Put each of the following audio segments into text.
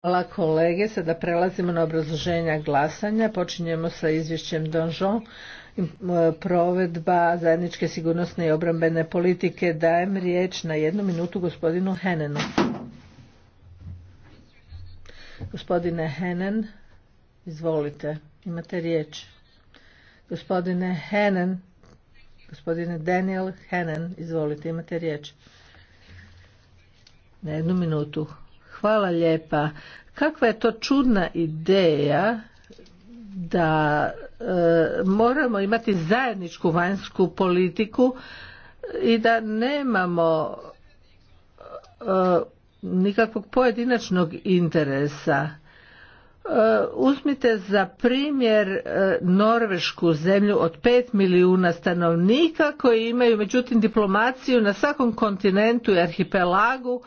Hvala kolege, sada prelazimo na obrazloženja glasanja. Počinjemo sa izvješćem Donjon, e, provedba zajedničke sigurnosne i obrambene politike. Dajem riječ na jednu minutu gospodinu Henenu. Gospodine Henen, izvolite, imate riječ. Gospodine Henen, gospodine Daniel Henen, izvolite, imate riječ. Na jednu minutu. Hvala lijepa. Kakva je to čudna ideja da e, moramo imati zajedničku vanjsku politiku i da nemamo e, nikakvog pojedinačnog interesa. E, uzmite za primjer Norvešku zemlju od pet milijuna stanovnika koji imaju međutim diplomaciju na svakom kontinentu i arhipelagu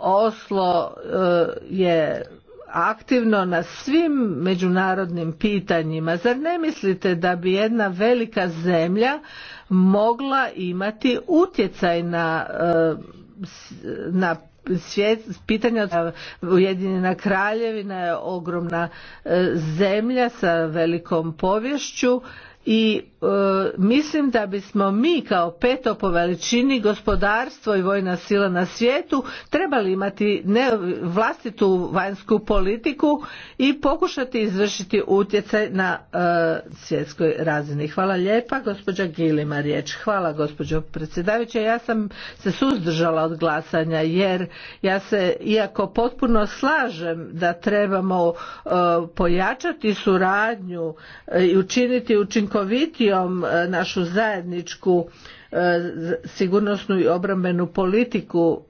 Oslo eh, je aktivno na svim međunarodnim pitanjima. Zar ne mislite da bi jedna velika zemlja mogla imati utjecaj na, eh, na svijet, pitanja eh, Ujedinjena kraljevina je ogromna zemlja sa velikom povješću i E, mislim da bismo mi kao peto po veličini gospodarstvo i vojna sila na svijetu trebali imati vlastitu vanjsku politiku i pokušati izvršiti utjecaj na e, svjetskoj razini. Hvala lijepa. Gospođa Gilima riječ. Hvala gospođo predsjedavajuća. Ja sam se suzdržala od glasanja jer ja se iako potpuno slažem da trebamo e, pojačati suradnju i učiniti učinkovitiju E, našu zajedničku e, sigurnosnu i obrambenu politiku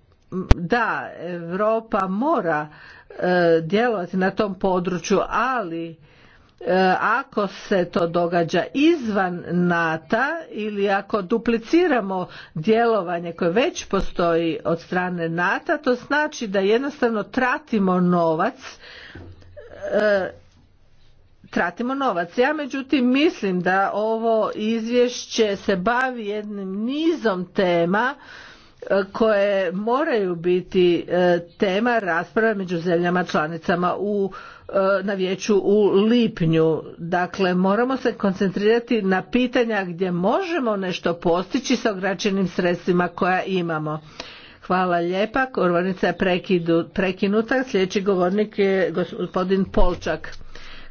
da Europa mora e, djelovati na tom području ali ako se to događa izvan NATO ili ako dupliciramo djelovanje koje već postoji od strane NATO to znači da jednostavno tratimo novac tratimo novac. Ja međutim mislim da ovo izvješće se bavi jednim nizom tema e, koje moraju biti e, tema rasprave među zemljama članicama u e, na vijeću u lipnju. Dakle, moramo se koncentrirati na pitanja gdje možemo nešto postići sa ograničenim sredstvima koja imamo. Hvala lijepa. Korvanica je prekinuta. Sljedeći govornik je gospodin Polčak.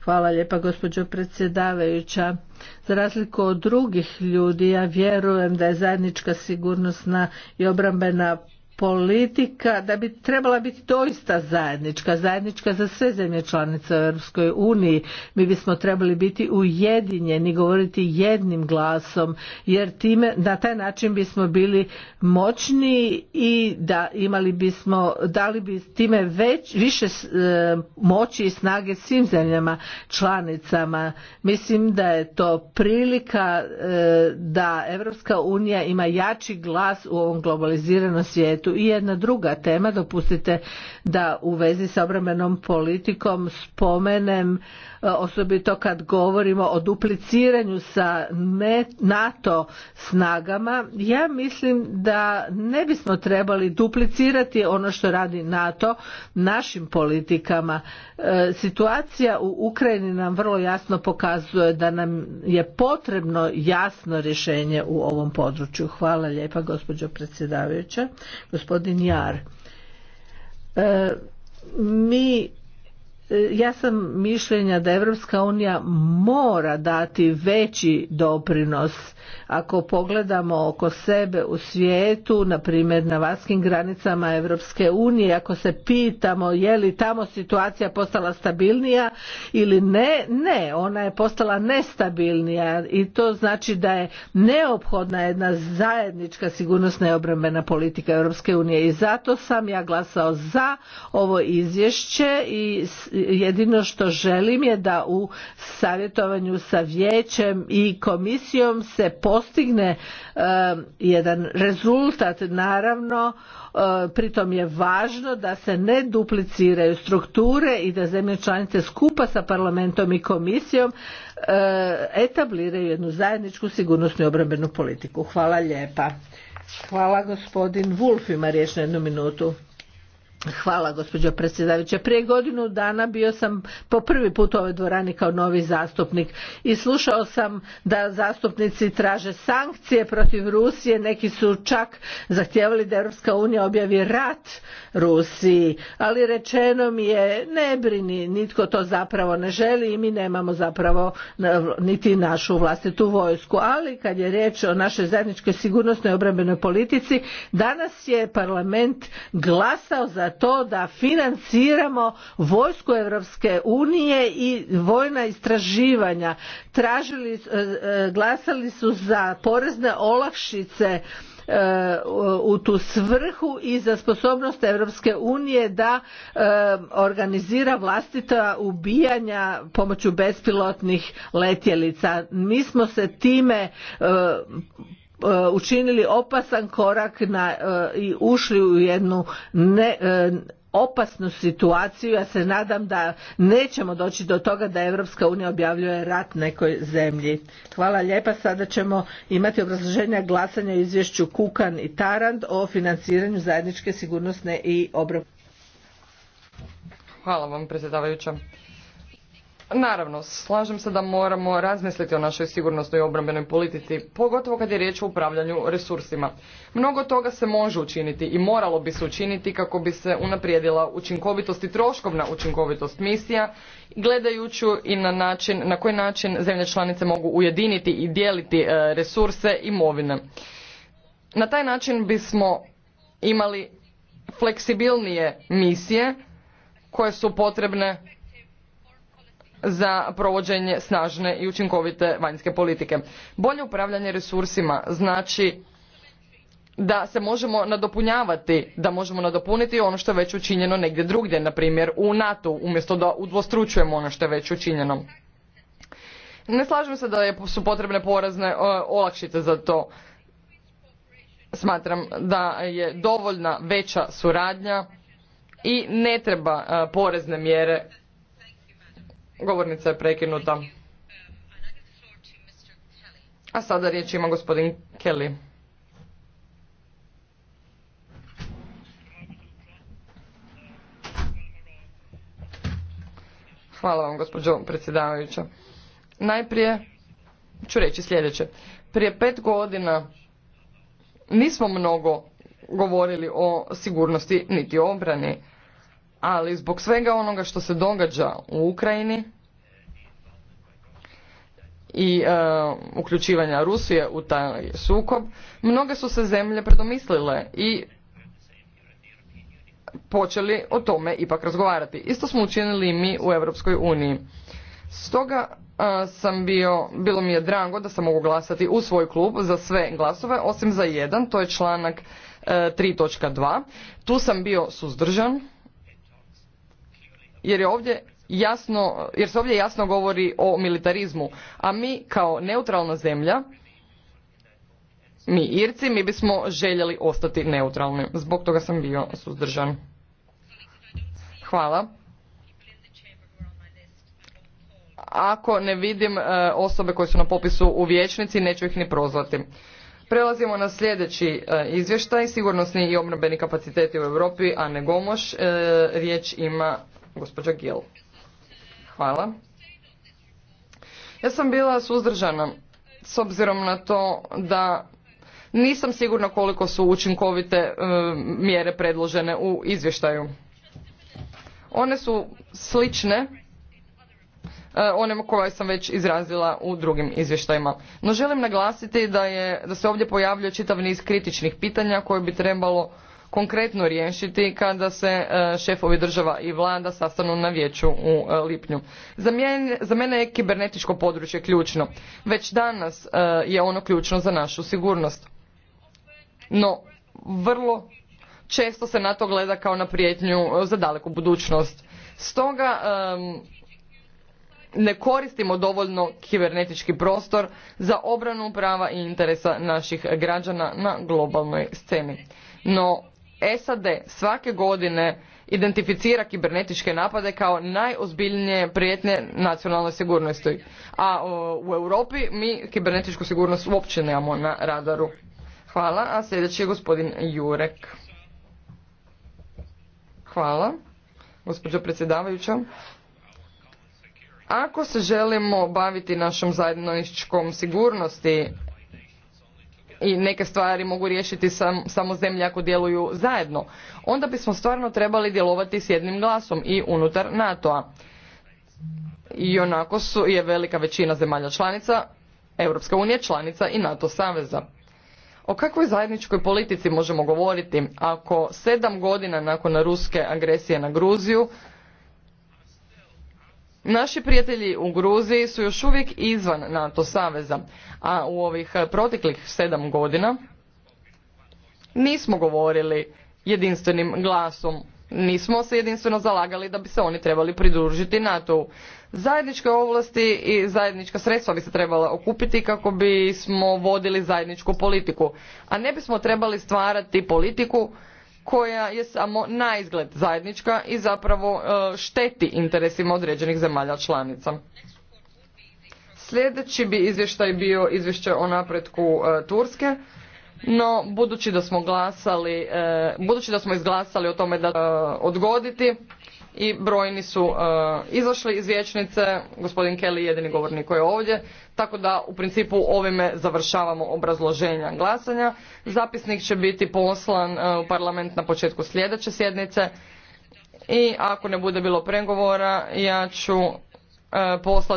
Hvala lijepa gospođo predsjedavajuća. Za razliku od drugih ljudi ja vjerujem da je zajednička sigurnosna i obrambena politika da bi trebala biti doista zajednička, zajednička za sve zemlje članice u Europskoj uniji. Mi bismo trebali biti ujedinjeni, govoriti jednim glasom, jer time na taj način bismo bili moćni i da imali bismo, dali bi time već, više e, moći i snage svim zemljama članicama. Mislim da je to prilika e, da Europska unija ima jači glas u ovom globaliziranom svijetu i jedna druga tema, dopustite da u vezi sa obrambenom politikom spomenem, e, osobito kad govorimo o dupliciranju sa NATO snagama, ja mislim da ne bismo trebali duplicirati ono što radi NATO našim politikama. E, situacija u Ukrajini nam vrlo jasno pokazuje da nam je potrebno jasno rješenje u ovom području. Hvala lijepa gospođo predsjedavajuća gospodin Jar. E, mi E, ja sam mišljenja da Europska unija mora dati veći doprinos ako pogledamo oko sebe u svijetu, na primjer na vanjskim granicama Europske unije, ako se pitamo je li tamo situacija postala stabilnija ili ne, ne, ona je postala nestabilnija i to znači da je neophodna jedna zajednička sigurnosna i obrambena politika Europske unije i zato sam ja glasao za ovo izvješće i jedino što želim je da u savjetovanju sa vijećem i komisijom se postigne e, jedan rezultat naravno e, pritom je važno da se ne dupliciraju strukture i da zemlje članice skupa sa parlamentom i komisijom e, etabliraju jednu zajedničku sigurnosnu i obrambenu politiku. Hvala lijepa. Hvala gospodin Vulf ima riječ na jednu minutu. Hvala gospođo predsjedavajuća. Prije godinu dana bio sam po prvi put u ovoj dvorani kao novi zastupnik i slušao sam da zastupnici traže sankcije protiv Rusije, neki su čak zahtijevali da Europska unija objavi rat Rusiji, ali rečeno mi je ne brini, nitko to zapravo ne želi i mi nemamo zapravo niti našu vlastitu vojsku, ali kad je riječ o našoj zajedničkoj sigurnosnoj obrambenoj politici, danas je parlament glasao za to da financiramo vojsku Europske unije i vojna istraživanja. Tražili, e, e, glasali su za porezne olakšice e, u tu svrhu i za sposobnost Europske unije da organizira vlastita ubijanja pomoću bespilotnih letjelica. Mi smo se time Eh, učinili opasan korak na, eh, i ušli u jednu ne, eh, opasnu situaciju. Ja se nadam da nećemo doći do toga da Europska unija objavljuje rat nekoj zemlji. Hvala lijepa. Sada ćemo imati obrazloženja glasanja o izvješću Kukan i Tarand o financiranju zajedničke sigurnosne i Hvala vam predsjedavajuća. Naravno, slažem se da moramo razmisliti o našoj sigurnosnoj i obrambenoj politici, pogotovo kad je riječ o upravljanju resursima. Mnogo toga se može učiniti i moralo bi se učiniti kako bi se unaprijedila učinkovitost i troškovna učinkovitost misija, gledajući i na način na koji način zemlje članice mogu ujediniti i dijeliti e, resurse imovine. Na taj način bismo imali fleksibilnije misije koje su potrebne za provođenje snažne i učinkovite vanjske politike. Bolje upravljanje resursima znači da se možemo nadopunjavati, da možemo nadopuniti ono što je već učinjeno negdje drugdje, na primjer u NATO, umjesto da udvostručujemo ono što je već učinjeno. Ne slažem se da su potrebne porazne olakšite olakšice za to. Smatram da je dovoljna veća suradnja i ne treba e, porezne mjere Govornica je prekinuta. A sada riječ ima gospodin Kelly. Hvala vam gospođo predsjedavajuća. Najprije ću reći sljedeće. Prije pet godina nismo mnogo govorili o sigurnosti niti obrani ali zbog svega onoga što se događa u Ukrajini i e, uključivanja Rusije u taj sukob, mnoge su se zemlje predomislile i počeli o tome ipak razgovarati. Isto smo učinili i mi u Europskoj uniji. Stoga e, sam bio, bilo mi je drago da sam mogu glasati u svoj klub za sve glasove, osim za jedan, to je članak uh, e, 3.2. Tu sam bio suzdržan, jer je ovdje jasno, jer se ovdje jasno govori o militarizmu, a mi kao neutralna zemlja, mi Irci, mi bismo željeli ostati neutralni. Zbog toga sam bio suzdržan. Hvala. Ako ne vidim e, osobe koje su na popisu u vijećnici, neću ih ni prozvati. Prelazimo na sljedeći e, izvještaj, sigurnosni i obrambeni kapaciteti u Europi, a ne gomoš. E, riječ ima gospođa Gil. Hvala. Ja sam bila suzdržana s obzirom na to da nisam sigurna koliko su učinkovite e, mjere predložene u izvještaju. One su slične one onima koje sam već izrazila u drugim izvještajima. No želim naglasiti da, je, da se ovdje pojavljuje čitav niz kritičnih pitanja koje bi trebalo konkretno riješiti kada se e, šefovi država i vlada sastanu na vijeću u e, lipnju. Za mene, za mene je kibernetičko područje ključno. Već danas e, je ono ključno za našu sigurnost. No, vrlo često se na to gleda kao na prijetnju za daleku budućnost. Stoga ne koristimo dovoljno kibernetički prostor za obranu prava i interesa naših građana na globalnoj sceni. No, SAD svake godine identificira kibernetičke napade kao najozbiljnije prijetnje nacionalnoj sigurnosti. A u Europi mi kibernetičku sigurnost uopće nemamo na radaru. Hvala, a sljedeći je gospodin Jurek. Hvala, gospođo predsjedavajuća. Ako se želimo baviti našom zajedničkom sigurnosti, i neke stvari mogu riješiti sam, samo zemlje ako djeluju zajedno, onda bismo stvarno trebali djelovati s jednim glasom i unutar NATO-a. I su, je velika većina zemalja članica, Europska unija članica i NATO saveza. O kakvoj zajedničkoj politici možemo govoriti ako sedam godina nakon ruske agresije na Gruziju Naši prijatelji u Gruziji su još uvijek izvan NATO saveza, a u ovih eh, proteklih sedam godina nismo govorili jedinstvenim glasom. Nismo se jedinstveno zalagali da bi se oni trebali pridružiti NATO-u. Zajedničke ovlasti i zajednička sredstva bi se trebala okupiti kako bismo vodili zajedničku politiku, a ne bismo trebali stvarati politiku koja je samo naizgled zajednička i zapravo e, šteti interesima određenih zemalja članica. Sljedeći bi izvještaj bio izvješće o napretku e, Turske, no budući da smo glasali, e, budući da smo izglasali o tome da odgoditi, i brojni su e, izašli iz vijećnice, gospodin Kelly jedini govornik koji je ovdje, tako da u principu ovime završavamo obrazloženja glasanja. Zapisnik će biti poslan e, u parlament na početku sljedeće sjednice i ako ne bude bilo pregovora ja ću e, poslati